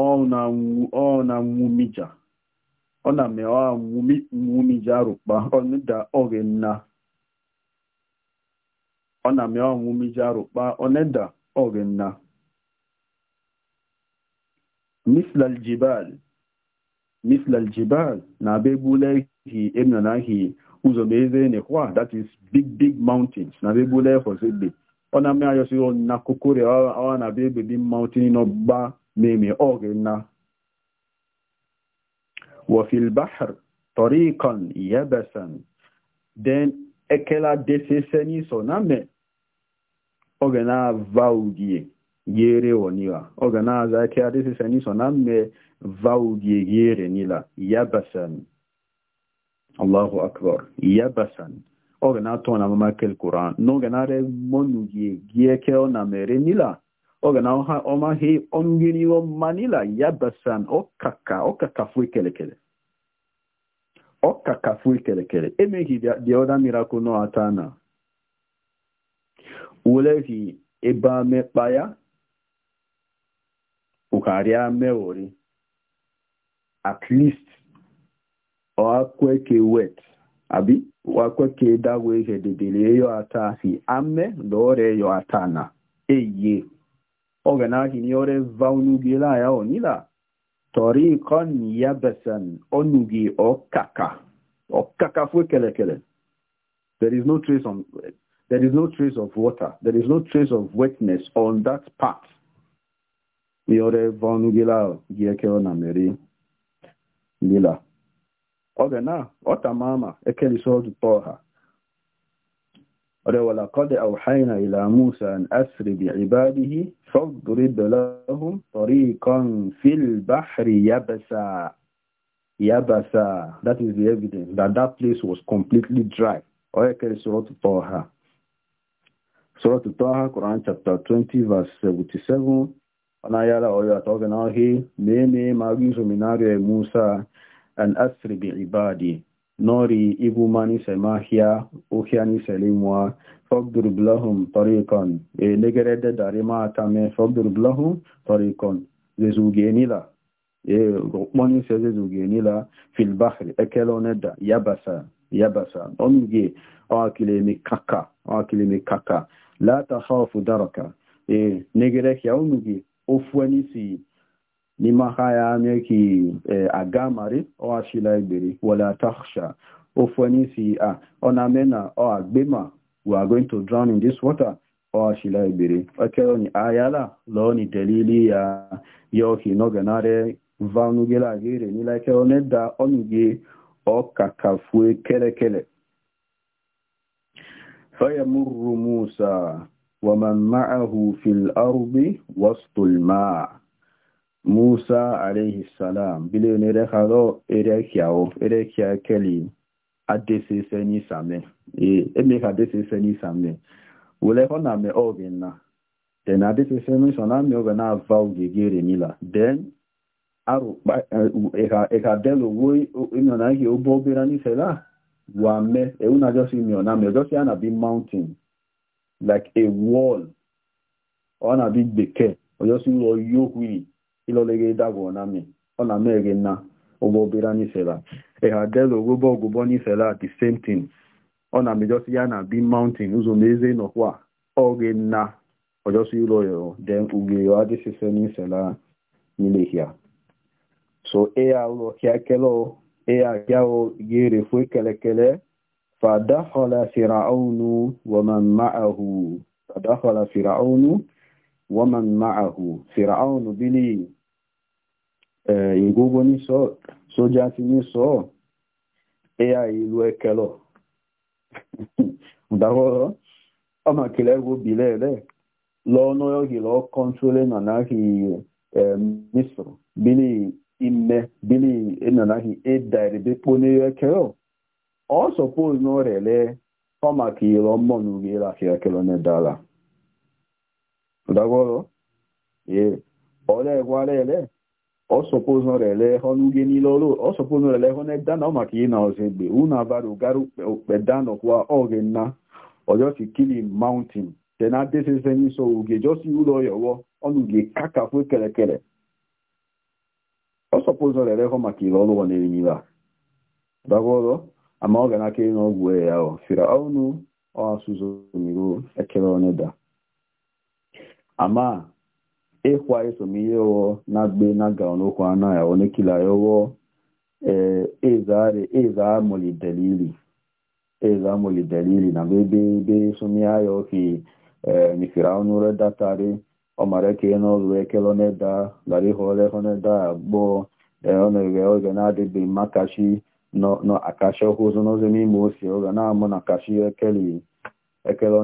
ọ na-ame ọ na-anwụmija arụkpa ọnịda oge nna ọ mislal jibal mislal jibal na Who's amazing? eze that is big big mountains na bebula efọs egbe ọ na-amị ayọsị oh, na kokore ọ na be big mountain nogbugba ba na-eme ọgụ na wafil bahar torikon yebesan den ekela desese n'iso na mme oge na-ava ugie gere woniwa oge na-aza ekela desese n'iso na mme va ugie nila yebesan Allahu akbar yabasan oge na atọ na amamakele Quran n'oge na-arị monugie gie ke ọ na mere nila oge na ọma he ọnụgiri manila yabasan ọkaka ọkakafu ikelekele ọkakafu ikelekele emeghị the other miracle no ata na uleghị ebe amekpa ya ụkarịa meori at least wakweke wet abi wakweke dawe hededere eyo ata hi ame lore yo atana eye oge na hi ni ore va onugela ya onila tariqan yabasan onugi okaka okaka fue kele kele there is no trace on there is no trace of water there is no trace of wetness on that path ni ore vaunu gila gieke ona meri nila. ogena otamama ekelisoodu poha ore walaqad awhayna ila musa an asri biibadihi fadrib lahum tariqan fil bahri yabasa yabasa that is the evidence that that place was completely dry oekelisoodu poha Surah Taha, Quran chapter 20, verse 77. Anayala oyo atogena ohi, mene magizo minario e Musa, an asri bi ibadi nori ibu mani semahia uhiani selimwa fagdurub lahum tariqan e legerede darima atame fagdurub lahum tariqan zezugenila e mani se zezugenila fil bahri ekeloneda yabasa yabasa omge awakilemi kaka awakilemi kaka la takhafu daraka e negerek yaumugi ofwani si lima haya meki eh, agamari o ashila igbere wala takhsha o foni si a ona mena o agbema we are going to drown in this water o ashila igbere okero ni ayala lo ni delili ya yoki no ganare vanu gela gere ni like o neda onige o kakafue kele kele فيمر موسى ومن معه في الأرض وسط الماء musa alayhi salam bile ne rekhalo erekiao e kia keli adese seni same e eme ka adese seni same wole ko na me ogena then adese seni so na me ogena vau gegere nila then aru eka e eka delo wo imo e na ki obo bera ni sela wa me e una just imo na me just ana be mountain like a wall ona big beke ojo si lo yo kwiri ilolege idagwo na mi ọ na mege na ogbo obere anyị fela ehadel ogbobo ogbobo anyị fela at the same thing ọ na mejosi ya na bin mountain ụzọ na eze nọkwa oge na ojosi ụlọ yọrọ den ugeyo ni n'ifela n'ilehia so e a eya ụlọ kiakelo eya kiao yerefue kelekele فدخل فرعون maahu. Fa dakhala فرعون ومن معه فرعون بني يقول ني سو سو جاتي ني سو ايا يلو اكلو مدارو اما كلاغو بيلele لونو يوغي لو na ناناهي مصر بني ime bili enanaghị ịdarịbe kponere kero ọ maka ire la D'accord Et on est voilà elle on suppose on est on nous gagne lolo on suppose on est on est dans ma qui na ozegbe una varu garu pe dano kwa ogena ojo ti kili mountain tena at this is any so uge just you lo yowo on uge kaka fu kele kele on suppose on est on ma lolo on est ni ba D'accord ama ogena ke no gwe ya o fira onu o asuzo miro ekele oneda ama ịkwa esomihe wo na gbe na ga n'okwu ana ya one kila ya wo ezare eza amoli delili eza amoli delili na bebe ebe esomiya ya ofi nifira onure datari ọmara ka ya n'ọlụ ekele oneda gara ihe ole oneda agbọ ọnọghe oge na-adịbeghị mma kashi nọ akashi ọhụzụ n'ozi n'ime osi oge na-amụ na kashi ekele. ekele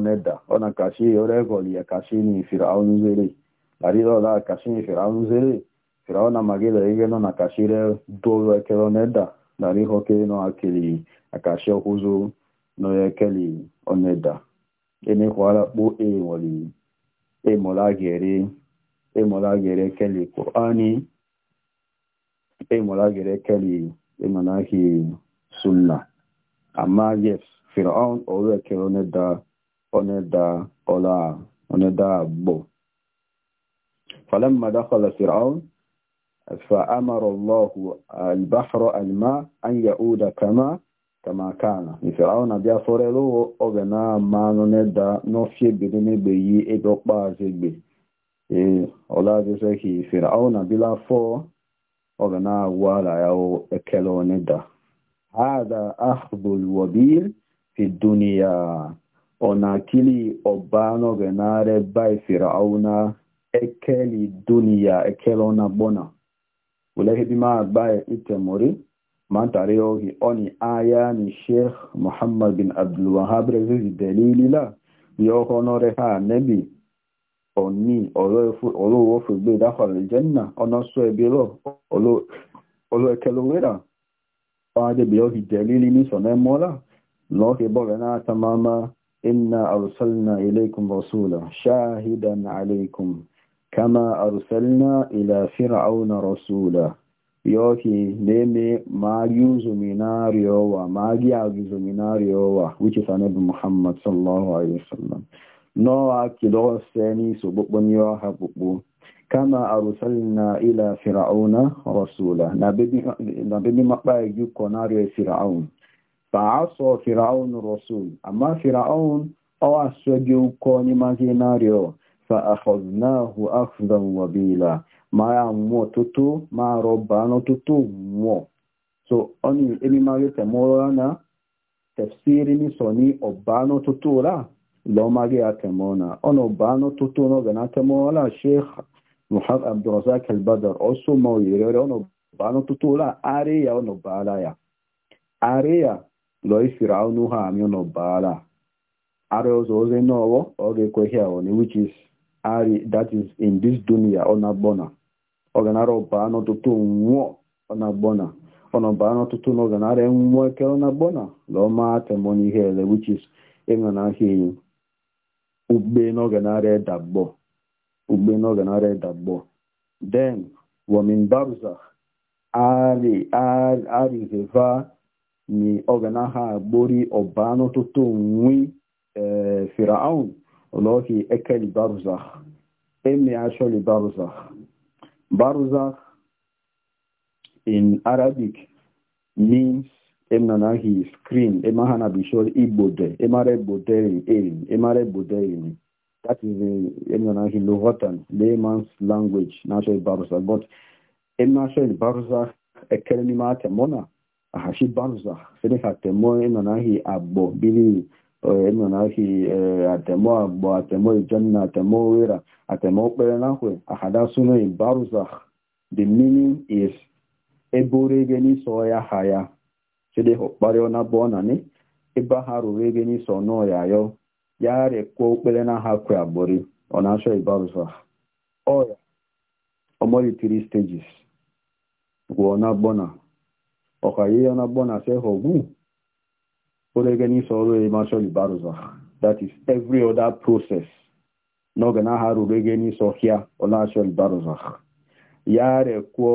ọ na kashi yoregoli ya kashini firaun zere arido da kashini firaun zere firaun amagile igeno na kashire dolo ekele oneda nari hoke no akili akashi okuzu no ekeli oneda ene kwala bu e wali e mola gere e mola gere keli qur'ani e mola gere keli e manahi sunna amma yes firaun owe ekele oneda oneda ola oneda bo فلما دخل فرعون فأمر الله البحر الماء أن يعود كما كما كان فرعون بيا فورلو أغنى ما ندا نوفي بدني بيي إدو بازي أولا جزاكي فرعون بلا فو أغنى ولا يو أكلو ندا هذا أخذ الوبيل في الدنيا onakili obano genare bai firauna ekeli dunia ekelona bona ulehibima agbaye itemori mantare ohi oni aya ni sheikh muhammad bin Abdul abdulwahab rezizi delili la yohonore ha nebi oni olowo janna dakhala aljanna onoso ebilo olo ekelowera oadebi ohi delili nisona emola lọhibọre na atamama إنا أرسلنا إليكم رسولا شاهدا عليكم كما أرسلنا إلى فرعون رسولا yoki neme magi zuminario wa magi azuminario wa which is anabi muhammad sallallahu alaihi wasallam no akido seni so gbogbo ni o ha gbogbo kama arsalna ila fir'auna rasula na bebi na bebi mapa igi konario fir'aun فعصى فرعون الرسول أما فرعون أو أسجو كوني ما جيناريو فأخذناه أخذا وبيلا ما يعمو تتو ما ربانو تتو مو so oni emi ma yo temoro na tafsiri ni soni obano tutura lo ma ge atemona ono obano tutuno ga na temola sheikh muhammad abdurrazak al-badr osu mo yire ono obano tutura are ya ono bala ya are ya lọ ifiri anụ ha amị n'ọbara arị ọzọ ozi n'ọwọ ọ ga-ekweghị ọnị which is arị that is in this dunia ọ na-agbọna ọ ga nara ọbaa n'ọtụtụ nwụọ ọ na-agbọna ọ nọbaa n'ọtụtụ na ọ ga nara enwụọ eke ọ na-agbọna lọọ maa temọ n'ihe ele which is ịṅa n'ahịa enyi ugbe n'oge narị dagbọ ugbe n'oge narị dagbọ then womin barza ari ari zeva ni oganaha bori obano toto nwi firaun oloki ekeli baruzakh emi asholi baruzakh baruzakh in arabic means emnanahi screen emahana bishol ibode emare boderin erin emare boderin that is emnanahi lughatan layman's language natural baruzakh but emnasholi baruzakh ekeli mate mona ahashi barzakh sede atemo eno nahi abo bili eh, eno nahi eh, atemo abo atemo janna atemo wira atemo pere nahwe ahada suno in barzakh the meaning is eburegeni soya haya sede hokpare ona bona ne eba ha ruregeni so no ya yo ya re ko pere na ha kwe abori Ọ sho barzakh oya omori three stages gwona bona Ọ ọ̀kàyé ọ̀nà na sẹ́họ̀ gùn ó lẹ́gẹ́ ní sọ̀rọ̀ eventually baruza that is every other process n'oge na ha ruru ege ní sọ̀hịa ọ̀nà actually baruza ya rẹ̀ kwuo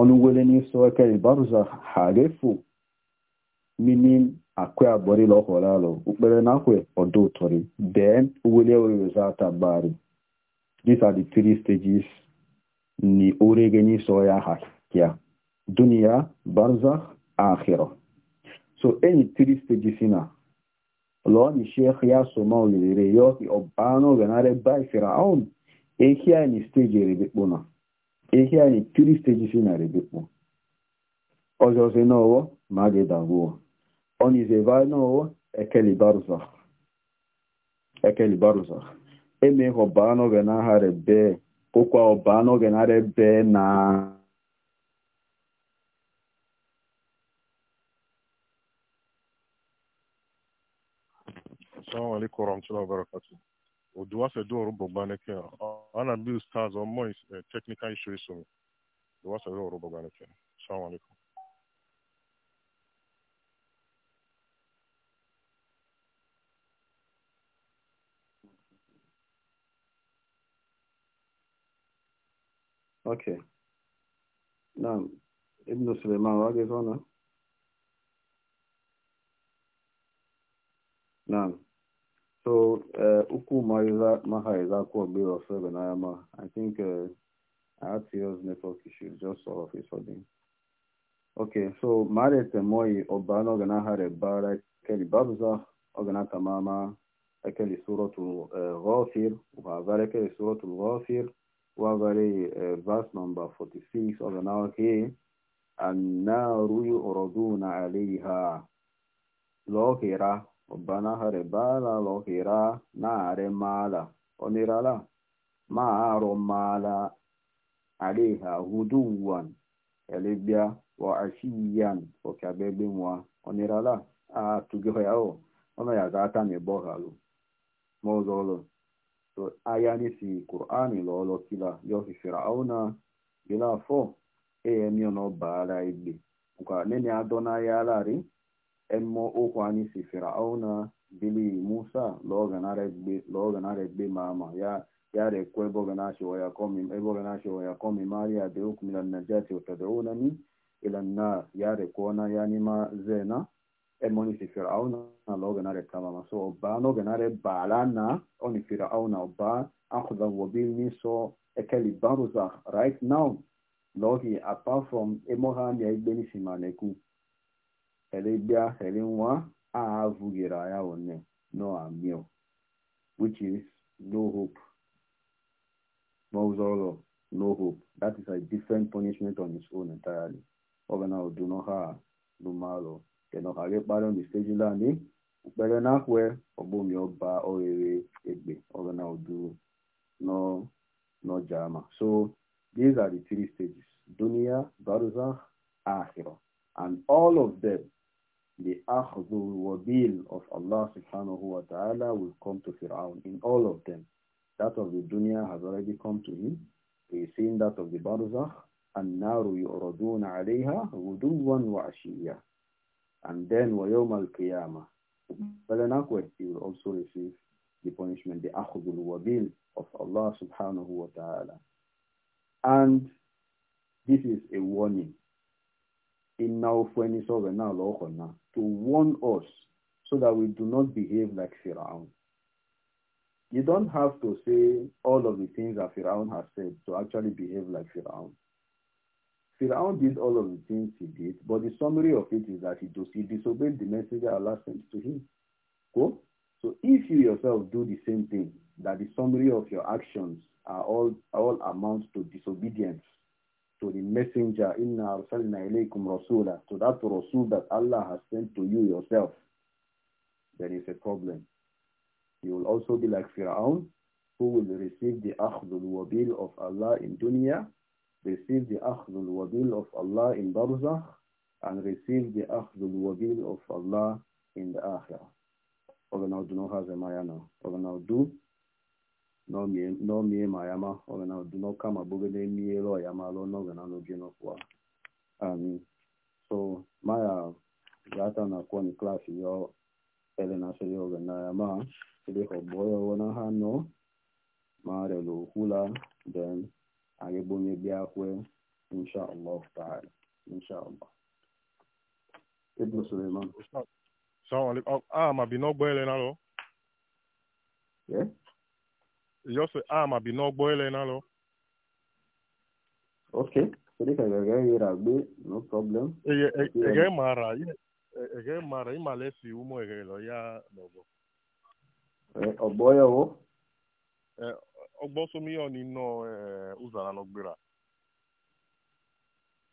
ọnụgwele ní sọ̀hịa baruza ha refu meaning akwe agbori lọ́kọ̀ọ́lá lọ ukpere nakwe ọdọ ụtọrị then uwele eweweza atagbari these are the three stages ni orege ní sọ̀hịa ha ya dunya barzakh akhirah so any three stages ina lo ni sheikh ya so ma o lere yo ki obano ganare by firaun e kia ni stage re be bona e kia ni three stages ina re be po ojo se no wo ma ge da wo oni ze va no wo e keli barzakh e keli barzakh e me obano ganare be okwa obano ganare be na assalamu alaikum warahmatullahi wabarakatuh oduwase do orubo gbaneke ana bill stars ọmọ eh, technical issue isomi oduwase do orubo gbaneke assalamu alaikum. Okay. Now, Ibn Suleiman, what is on? Now. So uh, Uku Maha quite a bit of seven I think uh, I had serious network issues just sort of a sudden. Okay, so Mare Temoi Obano Ganahare Bara Babuza Babza Ogana Tamama Ekeli Suratul Ghafir uh, Wavare Soro Suratul Ghafir Wavare uh, verse number 46 Ogana Ke النار يعرضون عليها ظاهرة ọbanahare bala lohira nare mala onirala maaro mala aleha huduwan elebia wa ashiyan okagbegbe nwa onirala atugihao ọnọ ya ga-ata na ịgbọghalụ ma ọzọ ọlụ so aya n'isi kuran lọọlọ kila yọfifira auna gila afọ eyemi ọnọ baala egbe nkwa nene adọ n'ahịa alari emmo ụkwụ anyị si firauna bili musa lọọganaregbe ma ama ya ya rekwe ebe oge na-achịwa ya komi maria de okwu mila najati utadunani ilanna ya rekwona ya n'ime zena emoni si firauna lọọganarekamama so ọba n'ogenare baala na oni firauna ọba akhda wobil niso ekeli baruzah right now lọhi apart from emoha na egbe nisimana ekwu elebia elinwa aavugere ya one no amio which is no hope No zoro, no hope that is a different punishment on its own entirely ogana oduno ha lumalo kenohage kpari on the stage la ni, lani ukpere nakwe ogbomi ọba orere egbe ogana odu no no jama so these are the three stages dunia, baruzah, akhirah and all of them the akhdul wabil of Allah subhanahu wa ta'ala will come to Fir'aun in all of them. That of the dunya has already come to him. We've seen that of the barzakh. النار يعرضون عليها غدوا وعشيا and then ويوم القيامة but then afterwards he will also receive the punishment the أخذ الوبيل of Allah subhanahu wa ta'ala and this is a warning inna ofueni sovena lochona to warn us so that we do not behave like Firaun. You don't have to say all of the things that Firaun has said to actually behave like Firaun. Firaun did all of the things he did, but the summary of it is that he, does, he disobeyed the messenger Allah sent to him. Cool. So if you yourself do the same thing, that the summary of your actions are all, all amounts to disobedience, to the messenger, Inna arsalna ilaykum rasula, to that rasul that Allah has sent to you yourself, there is a problem. You will also be like Fir'aun, who will receive the akhdul wabil of Allah in dunya, receive the akhdul wabil of Allah in barzakh, and receive the akhdul wabil of Allah in the akhirah. Oganaudu no has a maya now. Oganaudu n'omie ma ya ma ogana du n'ọka ma gbogede miere ọya ma lụọ n'ogana n'oge n'ọkwa amin so maya gata na kwani klas ya ele na sịrị ogana ya ma sịrị ọgbọ ya na ha nọ ma rere okwula then anyị gbonye taala ma lọ yeah yo se ma bi no gbo ele na lo okay so dika ga ga yira gbe no problem e e mara e ga mara i male si umo e ga lo ya logo e ogbo yo wo e ogbo so mi yo ni no e uzara no gbira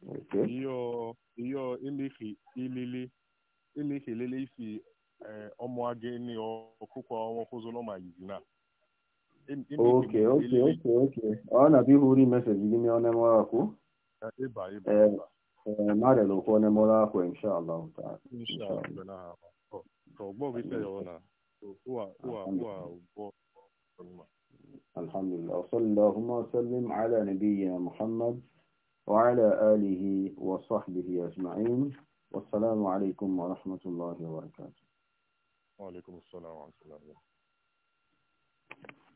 okay iyo iyo ilihi ilili ilihi lele isi ọmụ aga ni ọkụkọ ọnwụ kwụzụ n'ụma yizi na Okay, okay, okay, okay. Ọ na-abịa ihu uri meseji gị nye onye mụrụ akwụ? Ịba, ịba, ịba. Ee, marịa okwu onye mụrụ akwụ, inshallah. Inshallah. Ọgbọ bụ ite ya ọ na. Uwa, uwa, uwa, ugbọ. الحمد لله وصلى اللهم وسلم على نبينا محمد وعلى آله وصحبه أجمعين والسلام عليكم ورحمة الله وبركاته وعليكم السلام ورحمة الله وبركاته